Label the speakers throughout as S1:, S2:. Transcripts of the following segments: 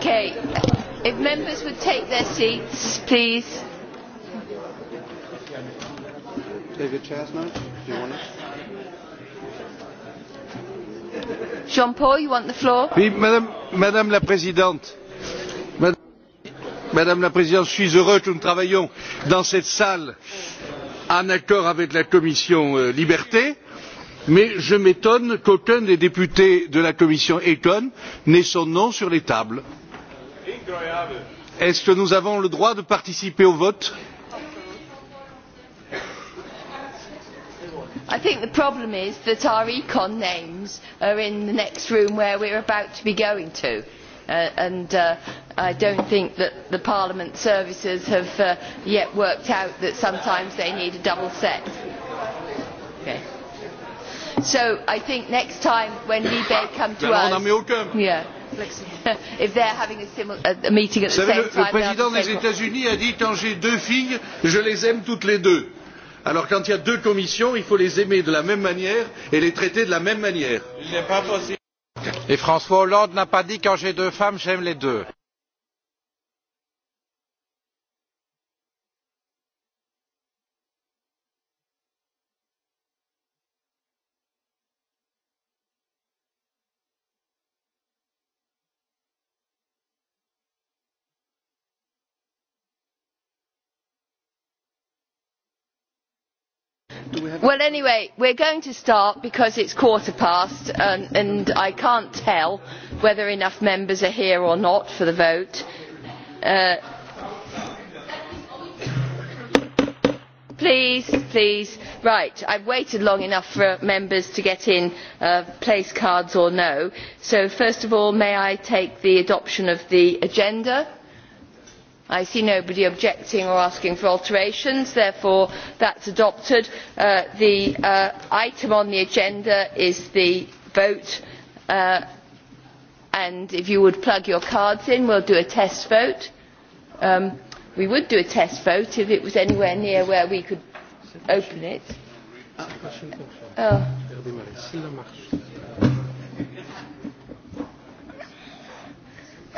S1: If members would take their seats, please. you want Jean Paul, you want the floor? Oui, Madame, Madame la Présidente. Madame, la Présidente, je suis heureux que nous travaillions dans cette salle en accord avec la Commission euh, Liberté mais je m'étonne qu'aucun des députés de la commission econ n'ait son nom sur les tables est ce que nous avons le droit de participer au vote? i think the problem is that our econ names are in the next room where we are about to be going to uh, and uh, i don't think that the parliament services have uh, yet worked out that sometimes they need a double set. Okay. so i think next time when libe come to us yeah, le président des états unis a dit quand j'ai deux filles je les aime toutes les deux. alors quand il y a deux commissions il faut les aimer de la même manière et les traiter de la même manière. et françois hollande n'a pas dit quand j'ai deux femmes j'aime les deux. well anyway we are going to start because it is quarter past and, i cannot tell whether enough members are here or not for the vote. Uh, please please right i have waited long enough for members to get in uh, place cards or no so first of all may i take the adoption of the agenda? i see nobody objecting or asking for alterations therefore that is adopted. Uh, the uh, item on the agenda is the vote uh, and if you would plug your cards in we'll do a test vote. Um, we would do a test vote if it was anywhere near where we could open it.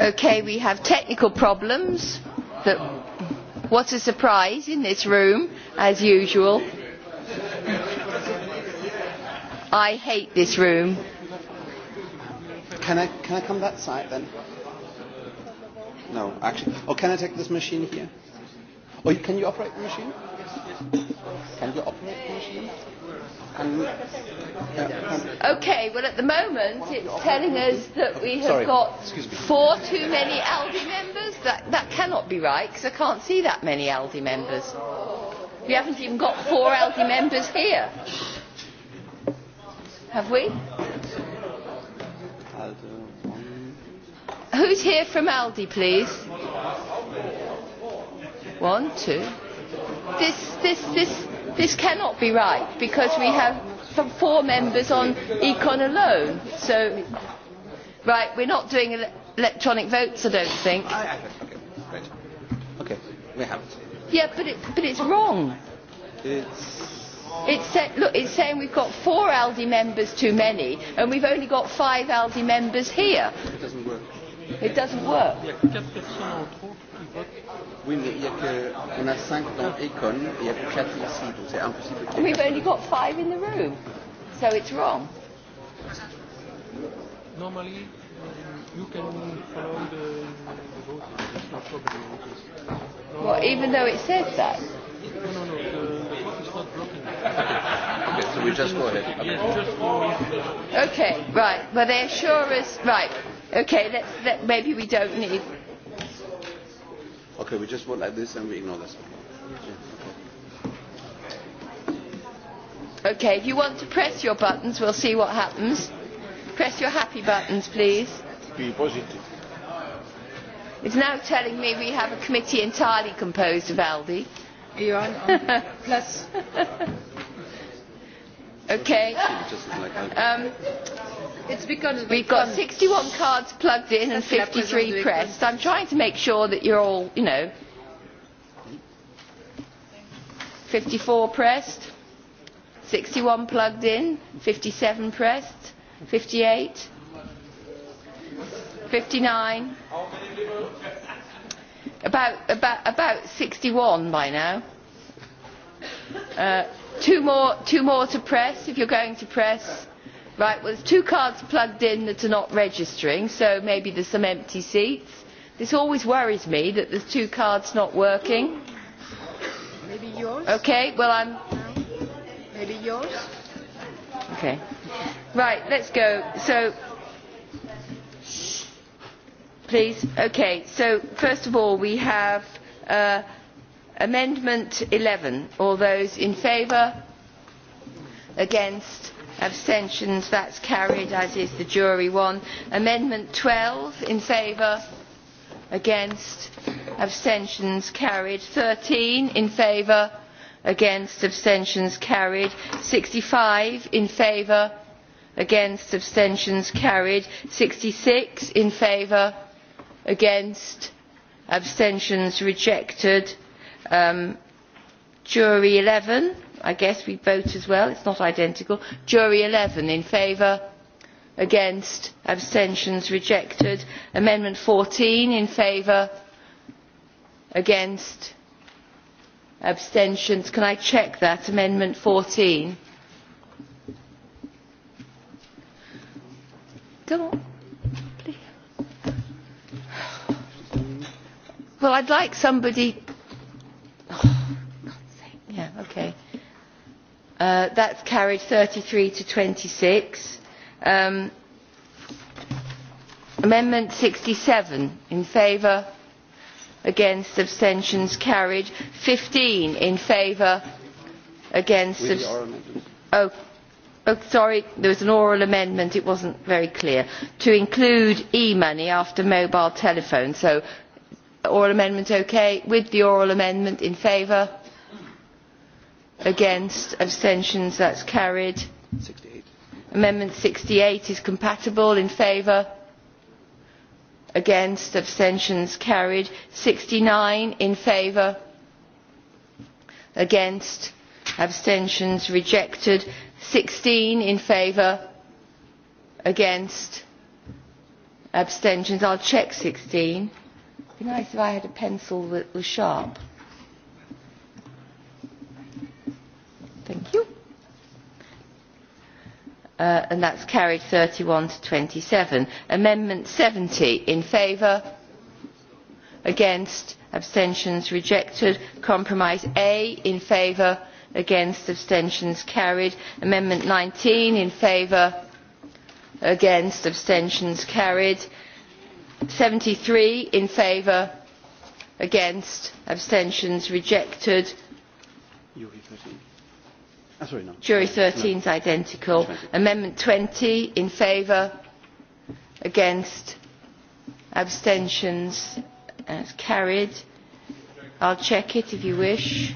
S1: okay we have technical problems that what a surprise in this room as usual. I hate this room. Can I, can I come that side then? No, actually. oh can I take this machine here? Or oh, can you operate the machine? Can you operate the machine? Okay, well at the moment it's telling us that we have got four too many ALDE members that, cannot be right because I can't see that many ALDI members. We haven't even got four ALDI members here. Have we? Who's here from ALDI, please? One, two. This, this, this, this cannot be right because we have four members on Econ alone. So, right, we're not doing... A, electronic votes, I don't think. I, I, okay, right. we have it. Yeah, but, it, but it's wrong. It's... It's, say, look, it's saying we've got four ALDE members too many, and we've only got five ALDE members here. It doesn't work. It doesn't work. we've only got five in the room, so it's wrong. Normally, you can follow the, the vote. It's not problem. No, well, even though it says that. No, no, no. The, the vote is not blocking. okay, so we just go ahead. Okay. Yes, just go okay, right. Well, they assure us. Right. Okay, let's, let, maybe we don't need. Okay, we just vote like this and we ignore this okay. Okay, if you want to press your buttons, we'll see what happens. Press your happy buttons, please. Be positive. It's now telling me we have a committee entirely composed of ALDI. plus. okay. Um, It's because we've got 61 cards plugged in and 53 pressed. I'm trying to make sure that you're all, you know, 54 pressed, 61 plugged in, 57 pressed. 58 59 about, about, about 61 by now uh, two, more, two more to press if you're going to press right well there's two cards plugged in that are not registering so maybe there's some empty seats this always worries me that there's two cards not working maybe yours okay well I'm maybe yours okay Right, let's go. So, please. Okay, so first of all, we have uh, amendment eleven. All those in favour? Against? Abstentions? That's carried, as is the jury one. Amendment twelve in favour? Against? Abstentions? Carried. Thirteen in favour? Against? Abstentions? Carried. Sixty five in favour? against abstentions carried sixty six in favour against abstentions rejected um, jury eleven i guess we vote as well it is not identical jury eleven in favour against abstentions rejected amendment fourteen in favour against abstentions can i check that amendment fourteen don't Well, I'd like somebody... Oh, Yeah, okay. Uh, that's carried 33 to 26. Um, amendment 67 in favour against abstentions carried 15 in favour against oh, Oh, sorry there was an oral amendment it was not very clear to include e money after mobile telephone so oral amendment ok with the oral amendment in favour against abstentions that is carried amendment sixty eight is compatible in favour against abstentions carried sixty nine in favour against abstentions rejected Sixteen in favour against abstentions i'll check It would be nice if i had a pencil that was sharp thank you uh, and that's carried 31 to 27 amendment 70 in favour against abstentions rejected compromise a in favour against abstentions carried amendment nineteen in favour against abstentions carried Seventy three in favour against abstentions rejected jury thirteen ah, is identical amendment twenty in favour against abstentions uh, carried i'll check it if you wish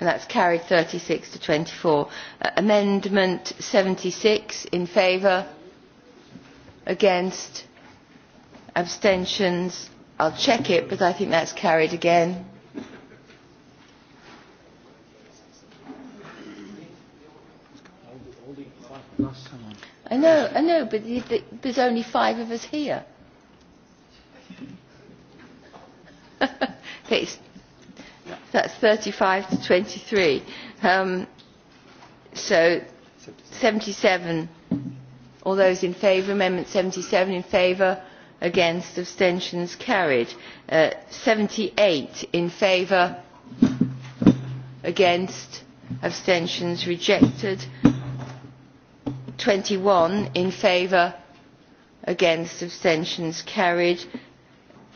S1: and that's carried 36 to 24. four. Uh, amendment 76 in favour, against, abstentions. I'll check it, but I think that's carried again. I know, I know, but there's only five of us here. thirty five to twenty three um, so seventy seven all those in favour amendment seventy seven in favour against abstentions carried uh, seventy eight in favour against abstentions rejected twenty one in favour against abstentions carried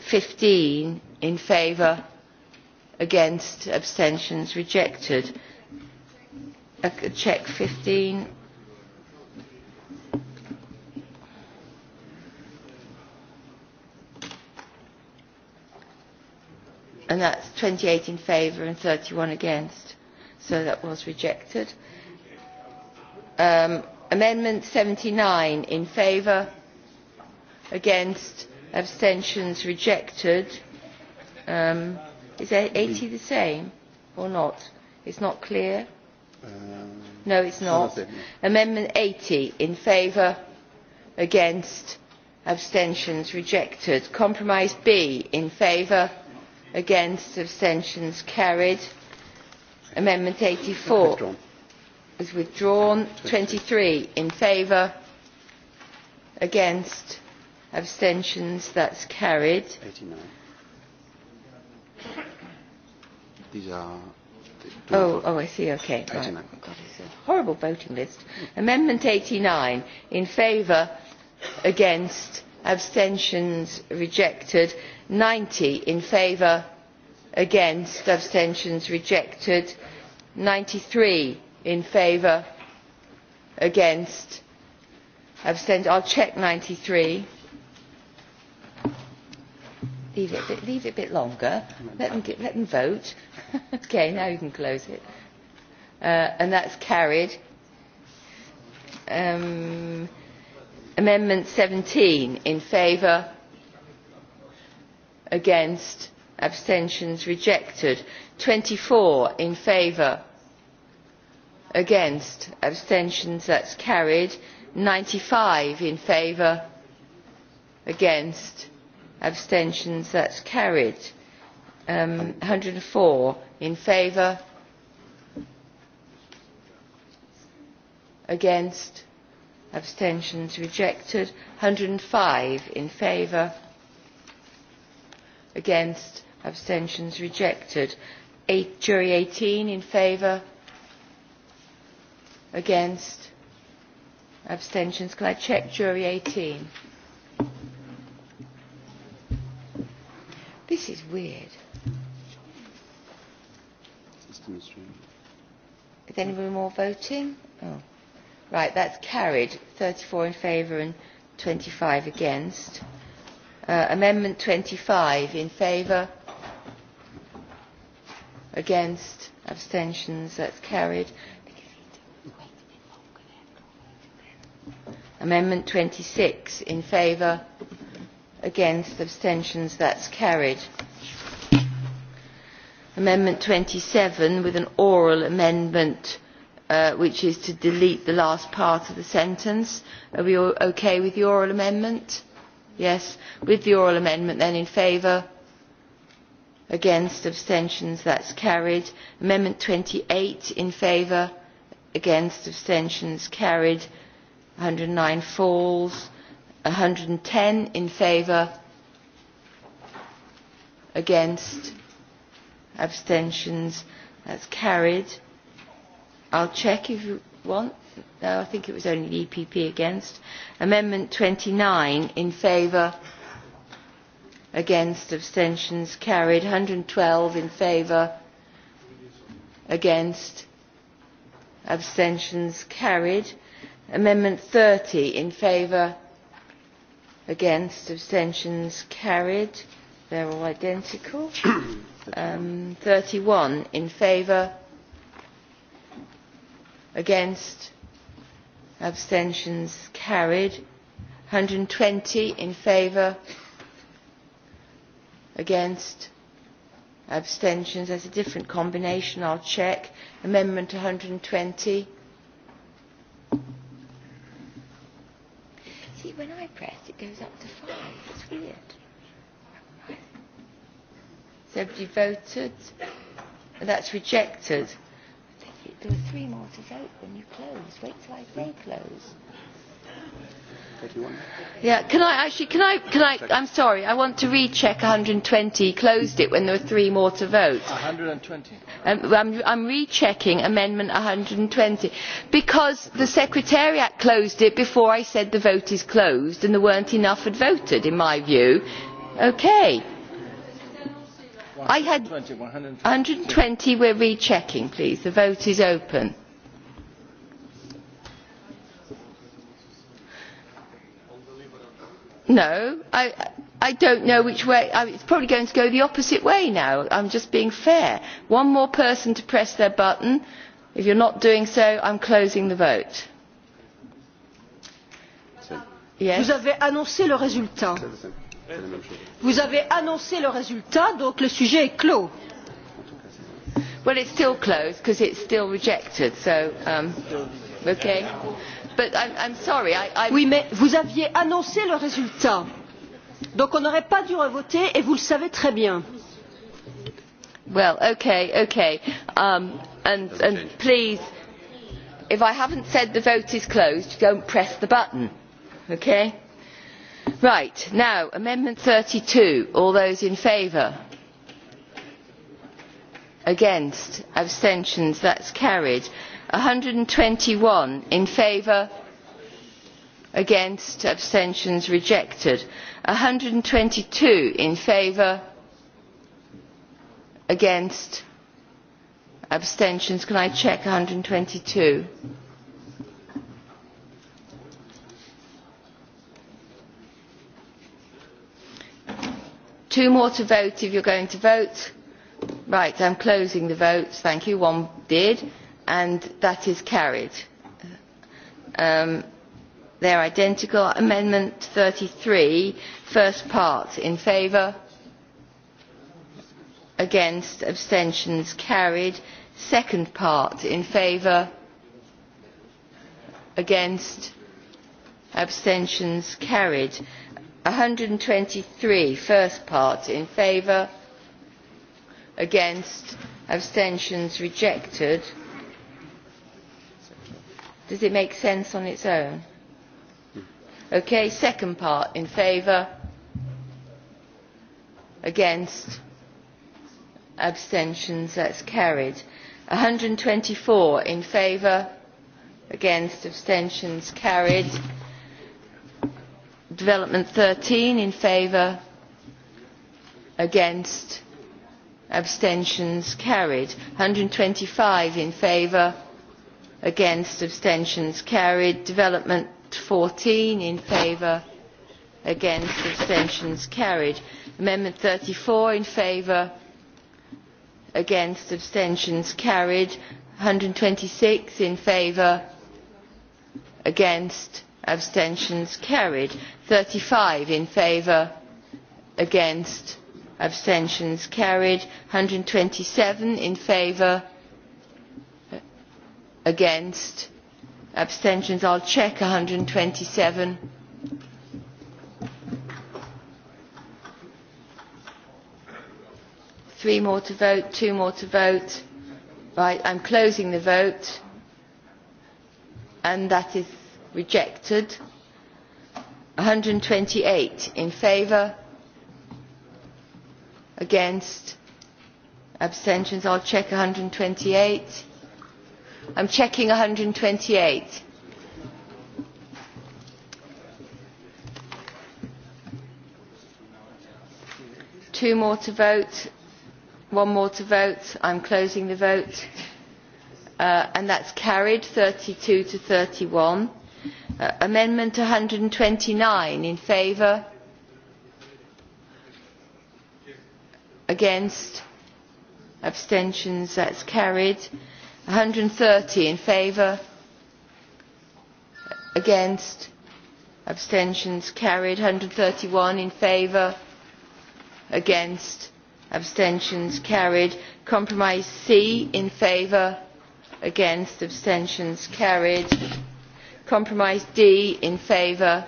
S1: fifteen in favour against abstentions rejected check 15 and that's 28 in favor and 31 against so that was rejected um, amendment 79 in favor against abstentions rejected um, Is 80 the same or not? It's not clear. Um, no, it's not. Amendment 80 in favour, against, abstentions rejected. Compromise B in favour, against, abstentions carried. Amendment 84 is withdrawn. 23 in favour, against, abstentions that's carried. 89 These are Oh, oh, I see, okay. Right. God, it's horrible voting list. Amendment 89, in favour, against, abstentions, rejected. 90, in favour, against, abstentions, rejected. 93, in favour, against, abstentions. I'll check 93 leave it a bit, longer. Let them, get, let them vote. okay, now you can close it. Uh, and that's carried. Um, amendment 17 in favour, against, abstentions rejected. 24 in favour, against, abstentions that's carried. 95 in favour, against, abstentions that carried. 104 um, one hundred and four in favour against abstentions rejected one hundred and five in favour against abstentions rejected Eight, jury eighteen in favour against abstentions can i check jury eighteen? This is weird. Is anyone more voting? Oh. Right, that's carried. 34 in favour and 25 against. Uh, amendment 25 in favour. Against. Abstentions. That's carried. Amendment 26 in favour against abstentions That's carried. amendment twenty seven with an oral amendment uh, which is to delete the last part of the sentence. are we all okay with the oral amendment? yes. with the oral amendment then in favour? against abstentions That's carried. amendment 28 in favour against abstentions carried. 109 falls 110 in favour against abstentions that's carried I'll check if you want no I think it was only EPP e against amendment 29 in favour against abstentions carried 112 in favour against abstentions carried amendment 30 in favour against abstentions carried they are all identical um, Thirty 31 in favour against abstentions carried 120 in favour against abstentions that's a different combination I'll check amendment 120 when I press, it goes up to five. It's weird. so everybody voted? That's rejected. There are three more to vote when you close. Wait till I say close. Yeah, can I actually, can I, can I, I'm sorry, I want to recheck 120, closed it when there were three more to vote. 120. Um, I'm, I'm rechecking amendment 120 because the Secretariat closed it before I said the vote is closed and there weren't enough had voted in my view. Okay. I had 120, we're rechecking please, the vote is open. no i, I do not know which way it is probably going to go the opposite way now i am just being fair one more person to press their button if you are not doing so i am closing the vote. vous avez annoncé le résultat vous avez annoncé le résultat donc le sujet est clos. well it is still closed because it is still rejected so um, But I'm, sorry, I, I... vous aviez annoncé le résultat. Donc on n'aurait pas dû revoter et vous le savez très bien. Well, okay, okay. Um, and, please, if I haven't said the vote is closed, don't press the button. Hmm. Okay? Right, now, Amendment 32. All those in favour? Against? Abstentions? That's carried one hundred and twenty one in favour against abstentions rejected one hundred and twenty two in favour against abstentions can i check one hundred and twenty two two more to vote if you are going to vote right i am closing the vote thank you one did and that is carried. Um, they are identical. amendment thirty three first part in favour against abstentions carried second part in favour against abstentions carried one hundred and twenty three first part in favour against abstentions rejected Does it make sense on its own? Okay, second part in favour, against, abstentions, that's carried. 124 in favour, against, abstentions, carried. Development 13 in favour, against, abstentions, carried. 125 in favour, against abstentions carried development fourteen in favour against abstentions carried amendment thirty four in favour against abstentions carried One hundred and twenty six in favour against abstentions carried Thirty five in favour against abstentions carried seven in favour against abstentions i'll check 127 three more to vote two more to vote right i'm closing the vote and that is rejected 128 in favor against abstentions i'll check 128 i am checking 128. Two more to vote. One more to vote. I am closing the vote. Uh, and that's carried 32 to 31. Uh, one amendment 129 in favour. Against. Abstentions. That's carried. 130 in favour against abstentions carried 131 in favour against abstentions carried compromise c in favour against abstentions carried compromise d in favour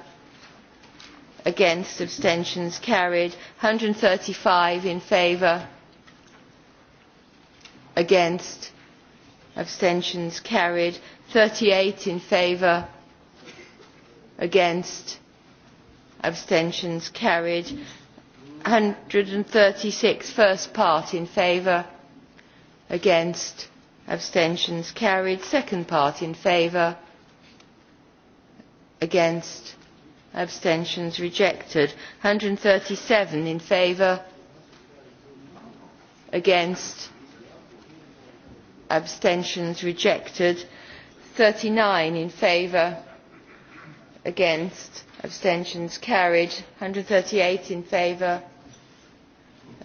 S1: against abstentions carried one hundred and thirty five in favour against abstentions carried thirty eight in favour against abstentions carried one hundred and thirty six first part in favour against abstentions carried second part in favour against abstentions rejected one hundred and thirty seven in favour against abstentions rejected thirty nine in favour against abstentions carried one hundred and thirty eight in favour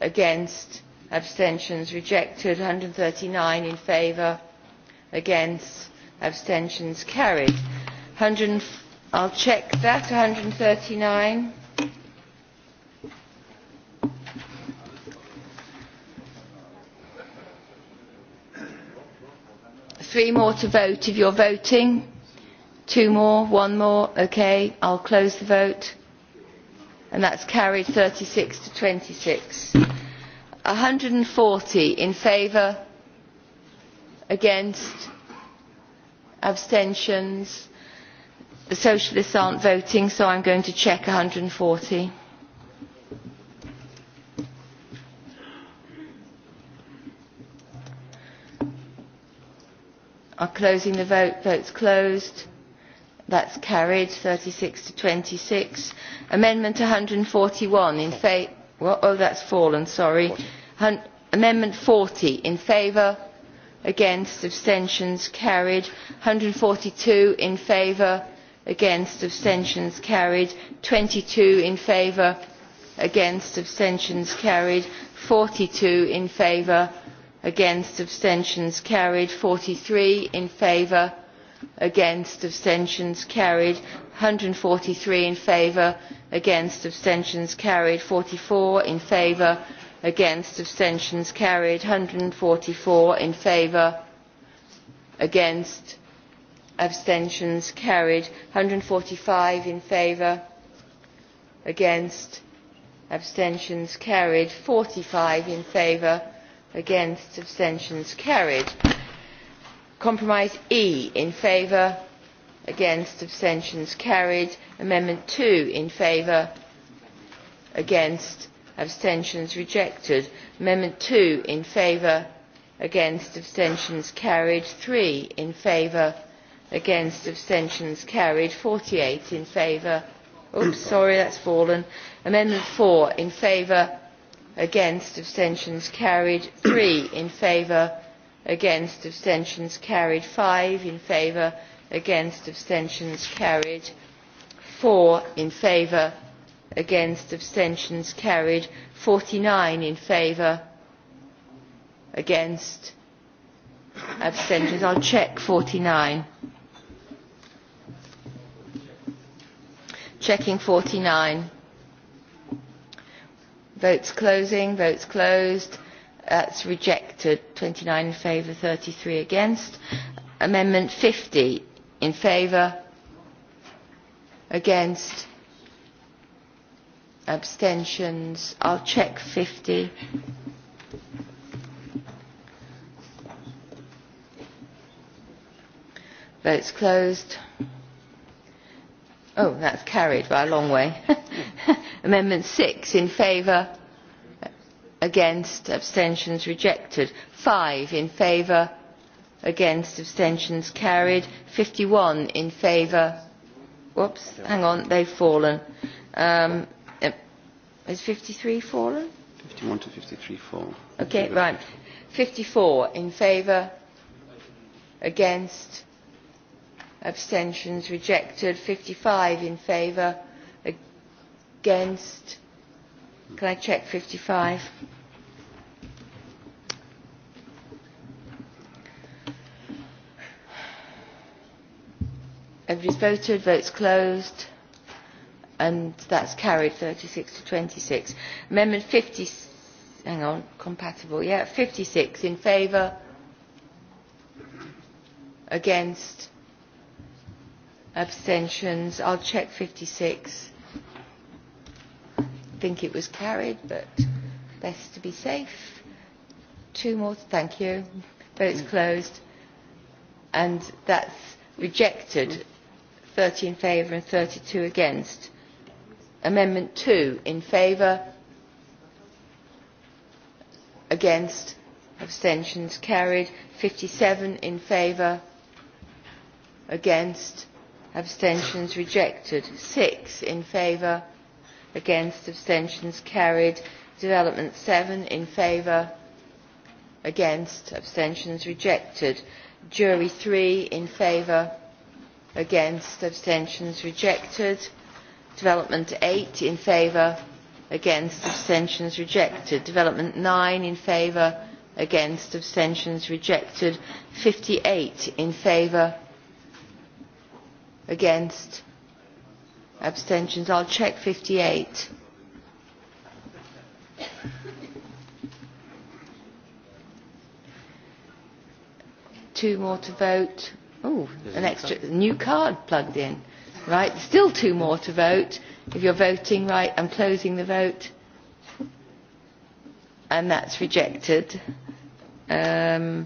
S1: against abstentions rejected one hundred and thirty nine in favour against abstentions carried. i will check that one hundred and thirty nine three more to vote if you're voting. Two more, one more, okay. I'll close the vote. And that's carried thirty six to twenty six. One hundred and forty. in favour, against, abstentions. The Socialists aren't voting, so I'm going to check one hundred and forty. are closing the vote. Votes closed. That's carried. 36 to 26. Amendment 141 in favour. oh, that's fallen. Sorry. Amendment 40 in favour. Against abstentions carried. 142 in favour. Against abstentions carried. 22 in favour. Against abstentions carried. 42 in favour against abstentions carried forty three in favour against abstentions carried one hundred and forty three in favour against abstentions carried forty four in favour against abstentions carried one hundred and forty four in favour against abstentions carried one hundred and forty five in favour against abstentions carried forty five in favour against abstentions carried compromise e in favour against abstentions carried amendment two in favour against abstentions rejected amendment two in favour against abstentions carried three in favour against abstentions carried forty eight in favour oops sorry that's fallen amendment four in favour against abstentions carried three in favour against abstentions carried five in favour against abstentions carried four in favour against abstentions carried forty nine in favour against abstentions i'll check forty nine checking forty nine Votes closing. Votes closed. That's rejected. 29 in favor 33 against. Amendment 50 in favor against, abstentions. I'll check 50. Votes closed. Oh, that's carried by a long way. Amendment 6 in favour, against, abstentions rejected. 5 in favour, against, abstentions carried. 51 in favour, whoops, hang on, they've fallen. Um, is 53 fallen? 51 to 53 fall. Okay, right. 54 in favour, against, abstentions rejected 55 in favour against can I check 55 everybody's voted votes closed and that's carried 36 to 26 amendment 50 hang on compatible yeah 56 in favour against abstentions i'll check 56 i think it was carried but best to be safe two more thank you votes closed and that's rejected 30 in favour and 32 against amendment 2 in favour against abstentions carried 57 in favour against abstentions rejected six in favour against abstentions carried development seven in favour against abstentions rejected jury three in favour against abstentions rejected development eight in favour against abstentions rejected development nine in favour against abstentions rejected fifty eight in favour against abstentions i'll check 58 two more to vote oh an extra new card plugged in right still two more to vote if you're voting right i'm closing the vote and that's rejected um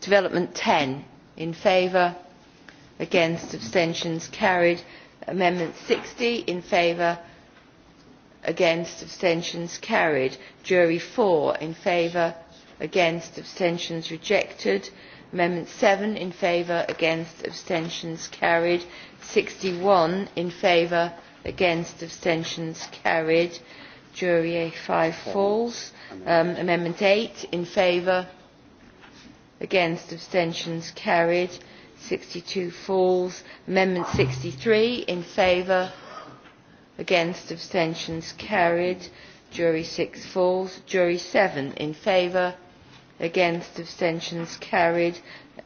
S1: development 10 in favor against abstentions carried amendment sixty in favour against abstentions carried jury four in favour against abstentions rejected amendment seven in favour against abstentions carried Sixty one in favour against abstentions carried jury a five falls um, amendment eight in favour against abstentions carried sixty two falls amendment sixty three in favour against abstentions carried jury six falls jury seven in favour against abstentions carried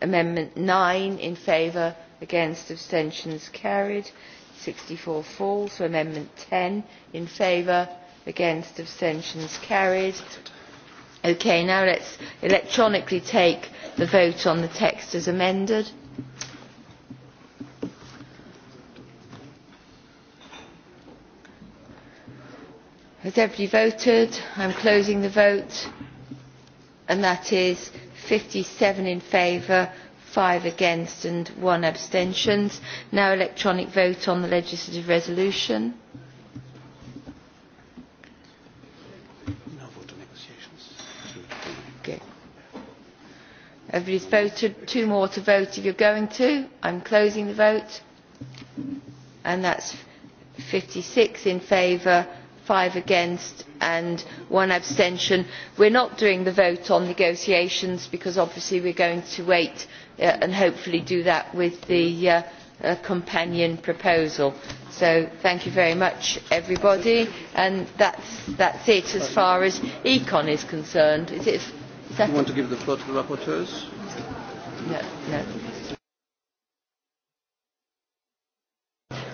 S1: amendment nine in favour against abstentions carried sixty four falls amendment ten in favour against abstentions carried okay now let's electronically take the vote on the text as amended Has everybody voted? I'm closing the vote and that is fifty seven in favour five against and one abstentions. now electronic vote on the legislative resolution. everybody's voted two more to vote if you're going to i'm closing the vote and that's 56 in favour five against and one abstention we're not doing the vote on negotiations because obviously we're going to wait uh, and hopefully do that with the uh, uh, companion proposal so thank you very much everybody and that's that's it as far as econ is concerned is it do You want to give the floor to the rapporteurs? No, no.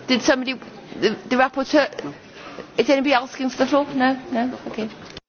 S1: Did somebody, the, the rapporteur, no. is anybody asking for the floor? No, no, okay.